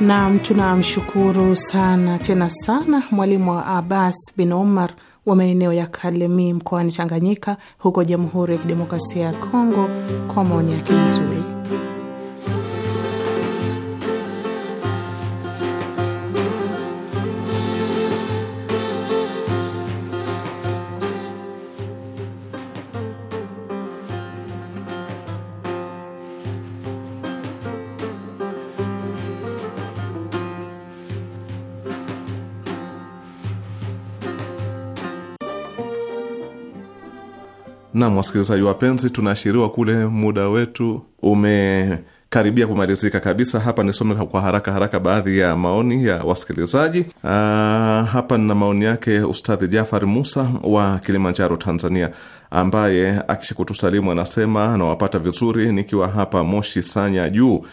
Naam, tunamshukuru sana tena sana mwalimu wa Abbas bin Omar wa maeneo ya kalemi mkoani Tanganyika huko Jamhuri ya Kidemokrasia ya Kongo kwa maoni yake mazuri. Nam, wasikilizaji wapenzi, tunaashiriwa kule muda wetu umekaribia kumalizika kabisa. Hapa nisome kwa haraka haraka baadhi ya maoni ya wasikilizaji. Aa, ah, hapa nina maoni yake Ustadhi Jafari Musa wa Kilimanjaro, Tanzania, ambaye akishakutusalimu anasema anawapata vizuri nikiwa hapa Moshi Sanya juu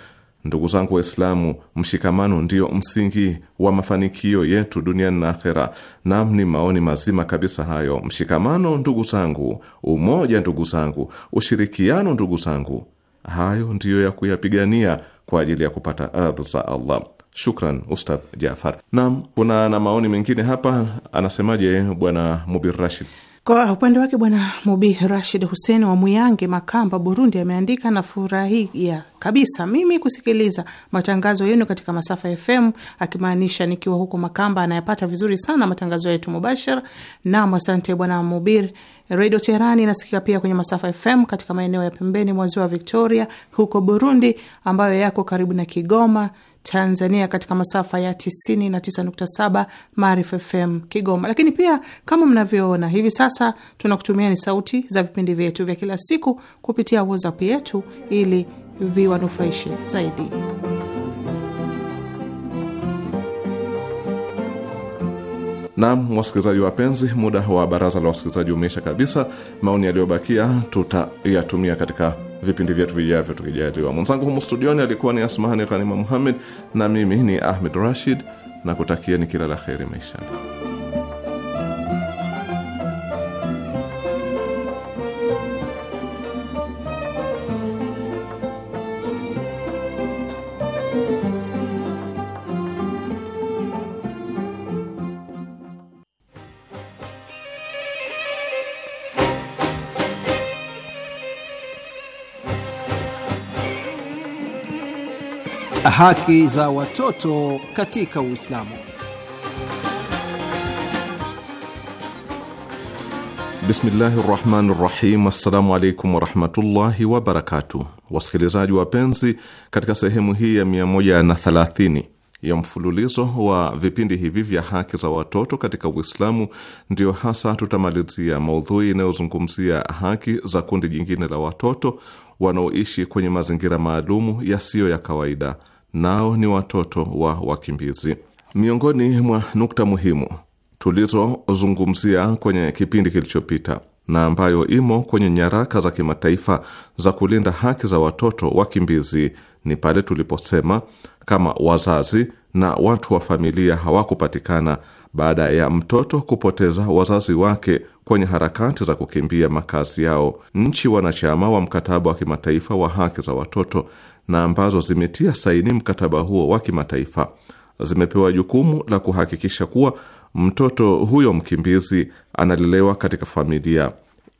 Ndugu zangu Waislamu, mshikamano ndiyo msingi wa mafanikio yetu duniani na akhera. Nam, ni maoni mazima kabisa hayo. Mshikamano ndugu zangu, umoja ndugu zangu, ushirikiano ndugu zangu, hayo ndiyo ya kuyapigania kwa ajili ya kupata radhi za Allah. Shukran Ustadh Jafar. Nam, kuna na maoni mengine hapa, anasemaje Bwana Mubir Rashid? Kwa upande wake Bwana Mubi Rashid Hussein wa Muyange, Makamba, Burundi, ameandika na furahia kabisa mimi kusikiliza matangazo yenu katika masafa FM, akimaanisha nikiwa huko Makamba anayapata vizuri sana matangazo yetu mubashara. Nam, asante Bwana Mubir. Redio Teherani inasikika pia kwenye masafa FM katika maeneo ya pembeni mwa ziwa Victoria huko Burundi, ambayo yako karibu na Kigoma Tanzania katika masafa ya 99.7 Maarifa FM Kigoma. Lakini pia kama mnavyoona hivi sasa, tunakutumia ni sauti za vipindi vyetu vya kila siku kupitia WhatsApp yetu ili viwanufaishe zaidi. Nam, wasikilizaji wapenzi, muda wa baraza la wasikilizaji umeisha kabisa. Maoni yaliyobakia tutayatumia katika vipindi vyetu vijavyo tukijaliwa. Mwenzangu humu studioni alikuwa ni Asmahani Ghanima Muhammed na mimi ni Ahmed Rashid na kutakieni kila la kheri maishani. Haki za watoto katika Uislamu. Bismillahi rahmani rahim. Assalamu alaikum warahmatullahi wabarakatuh. Wasikilizaji wapenzi, katika sehemu hii ya 130 ya mfululizo wa vipindi hivi vya haki za watoto katika Uislamu, ndiyo hasa tutamalizia maudhui inayozungumzia haki za kundi jingine la watoto wanaoishi kwenye mazingira maalumu yasiyo ya kawaida nao ni watoto wa wakimbizi. Miongoni mwa nukta muhimu tulizozungumzia kwenye kipindi kilichopita na ambayo imo kwenye nyaraka za kimataifa za kulinda haki za watoto wakimbizi ni pale tuliposema kama wazazi na watu wa familia hawakupatikana baada ya mtoto kupoteza wazazi wake kwenye harakati za kukimbia makazi yao, nchi wanachama wa mkataba wa kimataifa wa haki za watoto na ambazo zimetia saini mkataba huo wa kimataifa zimepewa jukumu la kuhakikisha kuwa mtoto huyo mkimbizi analelewa katika familia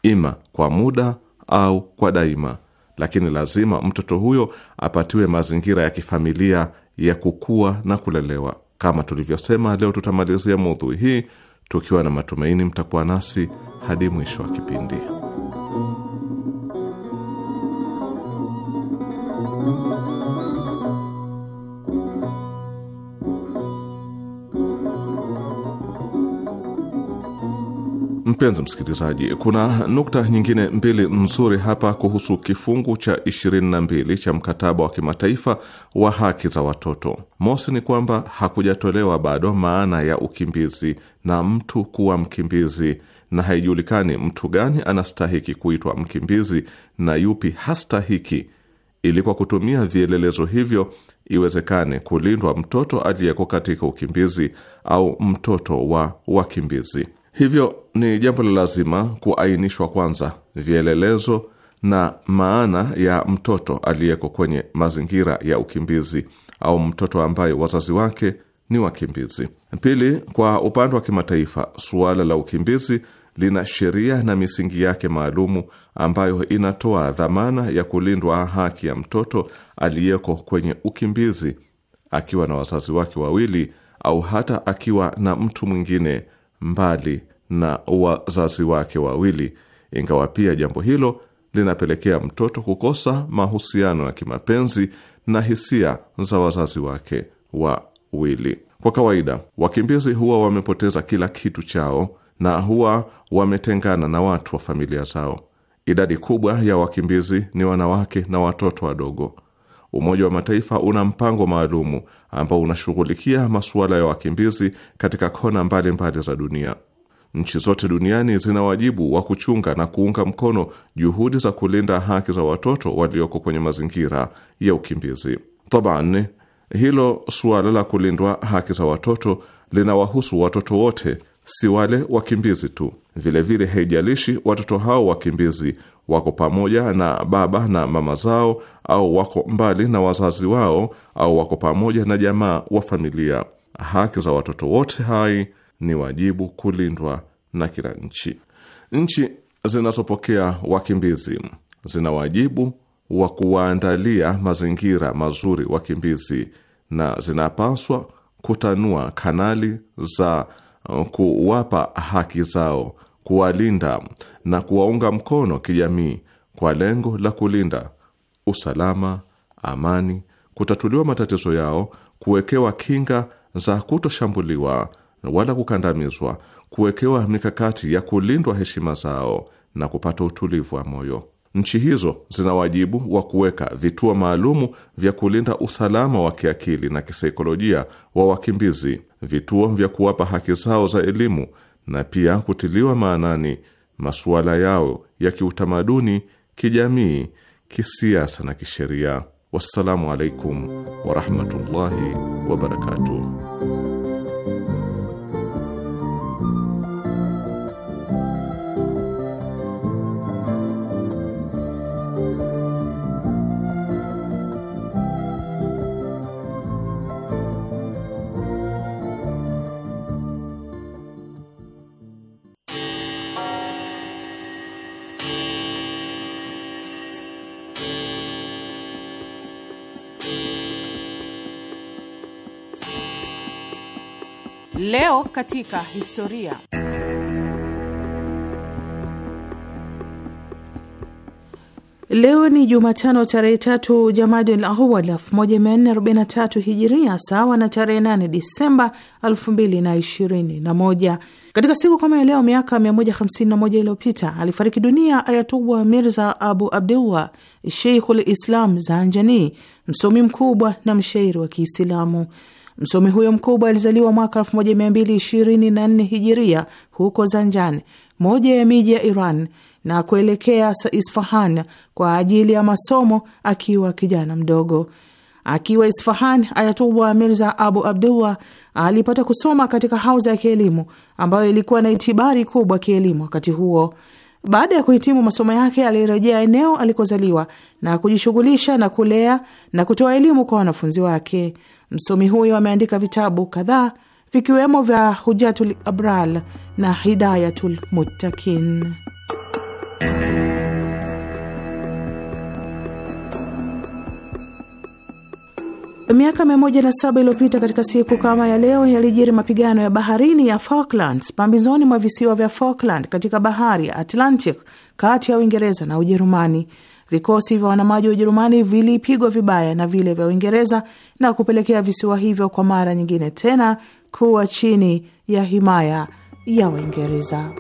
ima kwa muda au kwa daima, lakini lazima mtoto huyo apatiwe mazingira ya kifamilia ya kukua na kulelewa. Kama tulivyosema, leo tutamalizia maudhui hii tukiwa na matumaini mtakuwa nasi hadi mwisho wa kipindi. Mpenzi msikilizaji, kuna nukta nyingine mbili nzuri hapa kuhusu kifungu cha 22 cha mkataba wa kimataifa wa haki za watoto. Mosi ni kwamba hakujatolewa bado maana ya ukimbizi na mtu kuwa mkimbizi, na haijulikani mtu gani anastahiki kuitwa mkimbizi na yupi hastahiki, ili kwa kutumia vielelezo hivyo iwezekane kulindwa mtoto aliyeko katika ukimbizi au mtoto wa wakimbizi. Hivyo ni jambo la lazima kuainishwa kwanza vielelezo na maana ya mtoto aliyeko kwenye mazingira ya ukimbizi au mtoto ambaye wazazi wake ni wakimbizi. Pili, kwa upande wa kimataifa, suala la ukimbizi lina sheria na misingi yake maalumu ambayo inatoa dhamana ya kulindwa haki ya mtoto aliyeko kwenye ukimbizi akiwa na wazazi wake wawili au hata akiwa na mtu mwingine mbali na wazazi wake wawili, ingawa pia jambo hilo linapelekea mtoto kukosa mahusiano ya kimapenzi na hisia za wazazi wake wawili. Kwa kawaida, wakimbizi huwa wamepoteza kila kitu chao na huwa wametengana na watu wa familia zao. Idadi kubwa ya wakimbizi ni wanawake na watoto wadogo. Umoja wa Mataifa una mpango maalumu ambao unashughulikia masuala ya wakimbizi katika kona mbalimbali mbali za dunia. Nchi zote duniani zina wajibu wa kuchunga na kuunga mkono juhudi za kulinda haki za watoto walioko kwenye mazingira ya ukimbizi. Taban, hilo suala la kulindwa haki za watoto linawahusu watoto wote, si wale wakimbizi tu. Vilevile haijalishi watoto hao wakimbizi wako pamoja na baba na mama zao au wako mbali na wazazi wao au wako pamoja na jamaa wa familia. Haki za watoto wote hai ni wajibu kulindwa na kila nchi. Nchi zinazopokea wakimbizi zina wajibu wa kuwaandalia mazingira mazuri wakimbizi na zinapaswa kutanua kanali za uh, kuwapa haki zao, kuwalinda na kuwaunga mkono kijamii kwa lengo la kulinda usalama, amani, kutatuliwa matatizo yao, kuwekewa kinga za kutoshambuliwa wala kukandamizwa, kuwekewa mikakati ya kulindwa heshima zao na kupata utulivu wa moyo. Nchi hizo zina wajibu wa kuweka vituo maalumu vya kulinda usalama wa kiakili na kisaikolojia wa wakimbizi, vituo vya kuwapa haki zao za elimu na pia kutiliwa maanani masuala yao ya kiutamaduni, kijamii, kisiasa na kisheria. Wassalamu alaikum warahmatullahi wabarakatuh. Leo katika historia. Leo ni Jumatano tarehe tatu Jamadil Awal 1443 Hijiria, sawa na tarehe 8 Disemba 2021. Katika siku kama ya leo miaka 151 iliyopita alifariki dunia ayatubwa Mirza Abu Abdullah Sheikhul Islam Zanjani, msomi mkubwa na mshairi wa Kiislamu. Msomi huyo mkubwa alizaliwa mwaka 1224 hijiria huko Zanjan, moja ya miji ya Iran, na kuelekea Isfahan kwa ajili ya masomo akiwa kijana mdogo. Akiwa Isfahan, Ayatullah Mirza Abu Abdullah alipata kusoma katika hauza ya kielimu ambayo ilikuwa na itibari kubwa kielimu wakati huo. Baada ya kuhitimu masomo yake, alirejea eneo alikozaliwa na kujishughulisha na kulea na kutoa elimu kwa wanafunzi wake. Msomi huyo ameandika vitabu kadhaa vikiwemo vya Hujatul Abral na Hidayatul Muttakin. Miaka 17 iliyopita katika siku kama ya leo yalijiri mapigano ya baharini ya Falklands pambizoni mwa visiwa vya Falkland katika bahari ya Atlantic kati ya Uingereza na Ujerumani. Vikosi vya wanamaji wa Ujerumani vilipigwa vibaya na vile vya Uingereza na kupelekea visiwa hivyo kwa mara nyingine tena kuwa chini ya himaya ya Uingereza.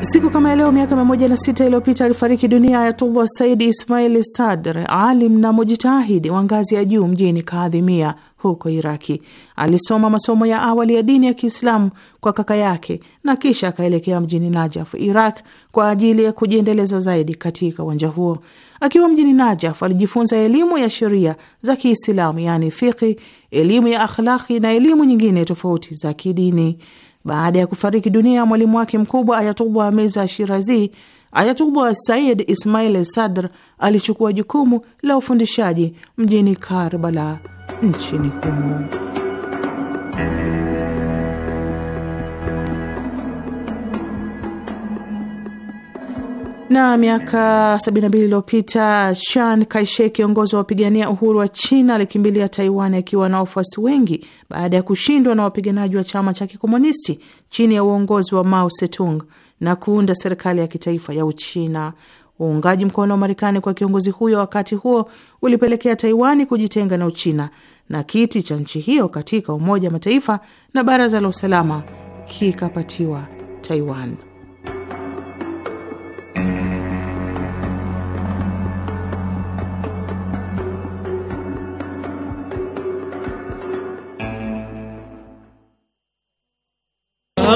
Siku kama leo miaka mia moja na sita iliyopita alifariki dunia Ayatullah Said Ismail Sadr, alim na mujtahidi wa ngazi ya juu mjini Kaadhimia huko Iraki. Alisoma masomo ya awali ya dini ya Kiislamu kwa kaka yake na kisha akaelekea mjini Najaf, Iraq, kwa ajili ya kujiendeleza zaidi katika uwanja huo. Akiwa mjini Najaf, alijifunza elimu ya sheria za Kiislamu, yaani fiqhi, elimu ya akhlaki na elimu nyingine tofauti za kidini. Baada ya kufariki dunia mwalimu wake mkubwa Ayatullah Mirza Shirazi, Ayatullah Said Ismail Sadr alichukua jukumu la ufundishaji mjini Karbala nchini humo. Na miaka 72 iliyopita Chiang Kai-shek, kiongozi wa wapigania uhuru wa China, alikimbilia Taiwan akiwa na wafuasi wengi baada ya kushindwa na wapiganaji wa chama cha kikomunisti chini ya uongozi wa Mao Zedong na kuunda serikali ya kitaifa ya Uchina. Uungaji mkono wa Marekani kwa kiongozi huyo wakati huo ulipelekea Taiwani kujitenga na Uchina na kiti cha nchi hiyo katika Umoja wa Mataifa na Baraza la Usalama kikapatiwa Taiwan.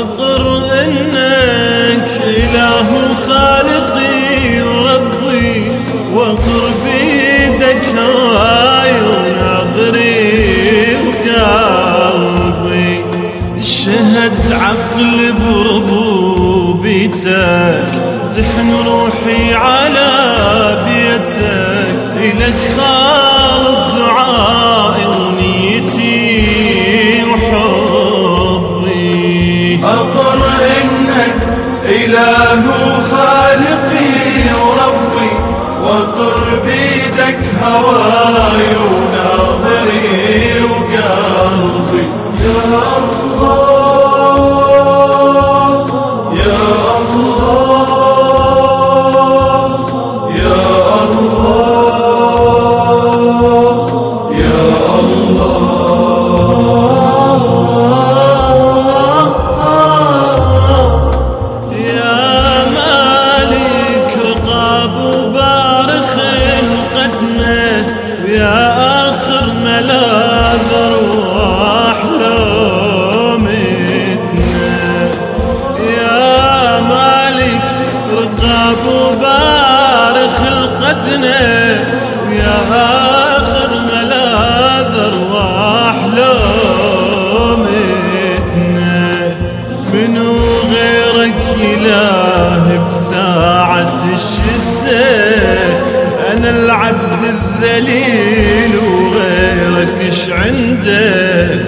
الغرب أقر إنك إله خالقي وربي وقر بيدك هواي وناظري خليل وغيرك اش عنده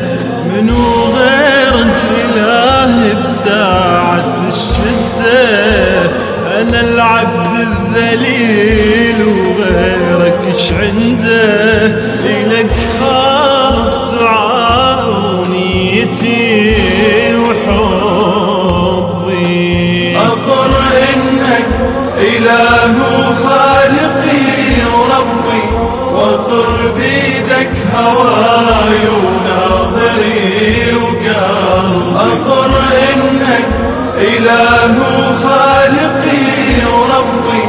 منو غيرك اله بساعة الشدة انا العبد الذليل وغيرك اش عنده الك خالص دعاء ونيتي وحبي اقر انك اله هواي وناظري وقلبي انك اله وخالقي وربي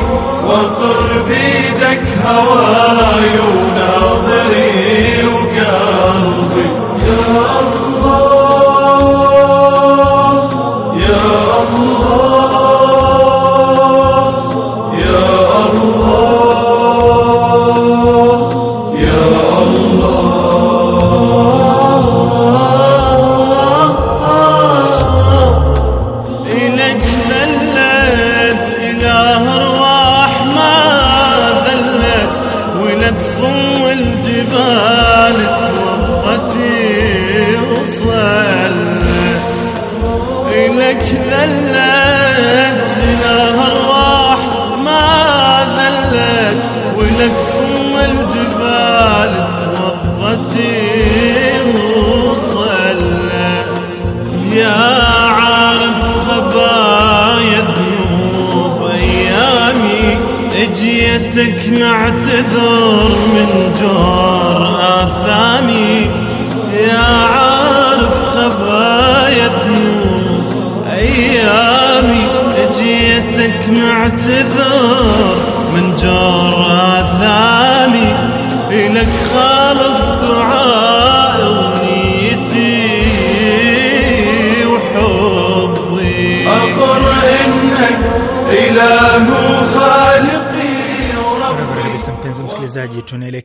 وقر بيدك هواي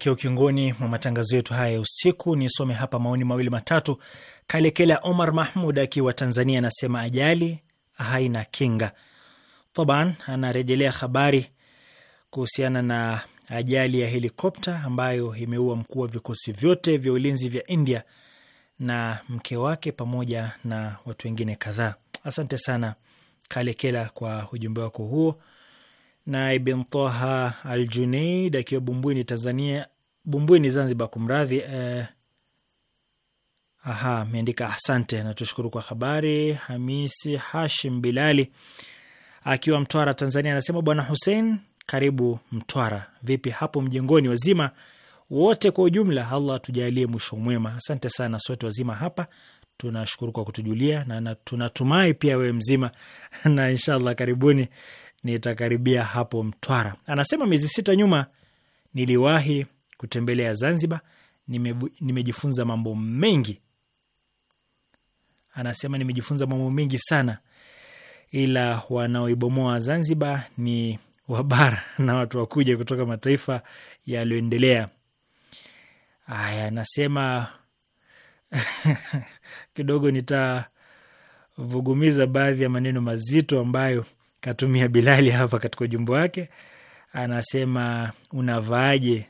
tukielekea ukingoni mwa matangazo yetu haya ya usiku, nisome hapa maoni mawili matatu. Kalekela Omar Mahmud akiwa Tanzania anasema ajali haina kinga. Taban anarejelea habari kuhusiana na ajali ya helikopta ambayo imeua mkuu wa vikosi vyote vya ulinzi vya India na mke wake pamoja na watu wengine kadhaa. Asante sana Kalekela kwa ujumbe wako huo. Naye Bintoha Aljuneid akiwa Bumbwini, Tanzania Bumbwini Zanzibar, kumradhi eh, aha, ameandika asante na tushukuru kwa habari. Hamisi Hashim Bilali akiwa Mtwara, Tanzania, anasema bwana Hussein, karibu Mtwara. Vipi hapo mjengoni, wazima wote kwa ujumla? Allah tujalie mwisho mwema. Asante sana, sote wazima hapa tunashukuru kwa kutujulia na tunatumai pia wewe mzima na inshallah karibuni nitakaribia hapo Mtwara. Anasema miezi sita nyuma niliwahi kutembelea Zanzibar. Nime, nimejifunza mambo mengi, anasema nimejifunza mambo mengi sana, ila wanaoibomoa Zanzibar ni wabara na watu wakuja kutoka mataifa yaliyoendelea. Aya, anasema kidogo nitavugumiza baadhi ya maneno mazito ambayo katumia Bilali hapa katika ujumbe wake. Anasema unavaaje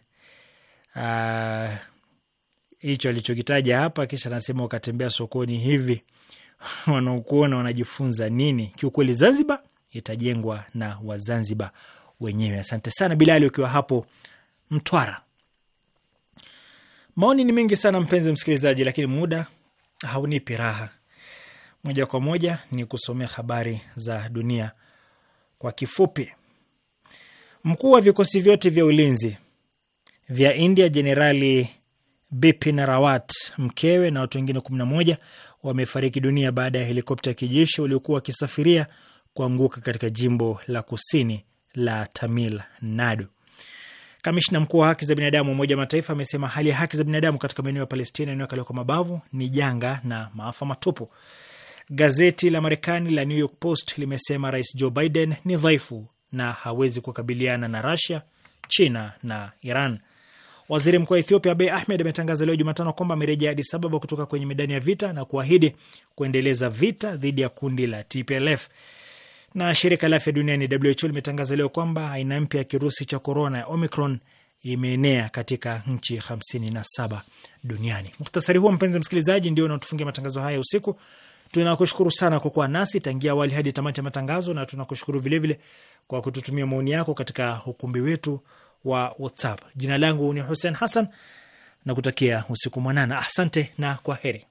Ah, hicho uh, alichokitaja hapa, kisha anasema wakatembea sokoni hivi wanaokuona wanajifunza nini? Kiukweli Zanzibar itajengwa na Wazanzibar wenyewe. Asante sana Bilali ukiwa hapo Mtwara. Maoni ni mengi sana mpenzi msikilizaji, lakini muda haunipi raha. Moja kwa moja ni kusomea habari za dunia kwa kifupi. Mkuu wa vikosi vyote vya ulinzi vya India, Jenerali Bipin Rawat, mkewe na watu wengine 11 wamefariki dunia baada ya helikopta ya kijeshi waliokuwa wakisafiria kuanguka katika jimbo la kusini la Tamil Nadu. Kamishna mkuu wa haki za binadamu wa Umoja wa Mataifa amesema hali ya haki za binadamu katika maeneo ya Palestina yanayokaliwa kwa mabavu ni janga na maafa matupu. Gazeti la Marekani la New York Post limesema Rais Joe Biden ni dhaifu na hawezi kukabiliana na Russia, China na Iran. Waziri mkuu wa Ethiopia Abiy Ahmed ametangaza leo Jumatano kwamba amerejea Addis Ababa kutoka kwenye medani ya vita na kuahidi kuendeleza vita dhidi ya kundi la TPLF. Na shirika la afya duniani WHO limetangaza leo kwamba aina mpya ya kirusi cha korona ya Omicron imeenea katika nchi 57 duniani. Muhtasari huo mpenzi msikilizaji, ndio unaotufungia matangazo haya usiku. Tunakushukuru sana kwa kuwa nasi tangia awali hadi tamati ya matangazo, na tunakushukuru vilevile kwa kututumia maoni yako katika ukumbi wetu wa WhatsApp. Jina langu ni Hussein Hassan na kutakia usiku mwanana. Asante na kwa heri.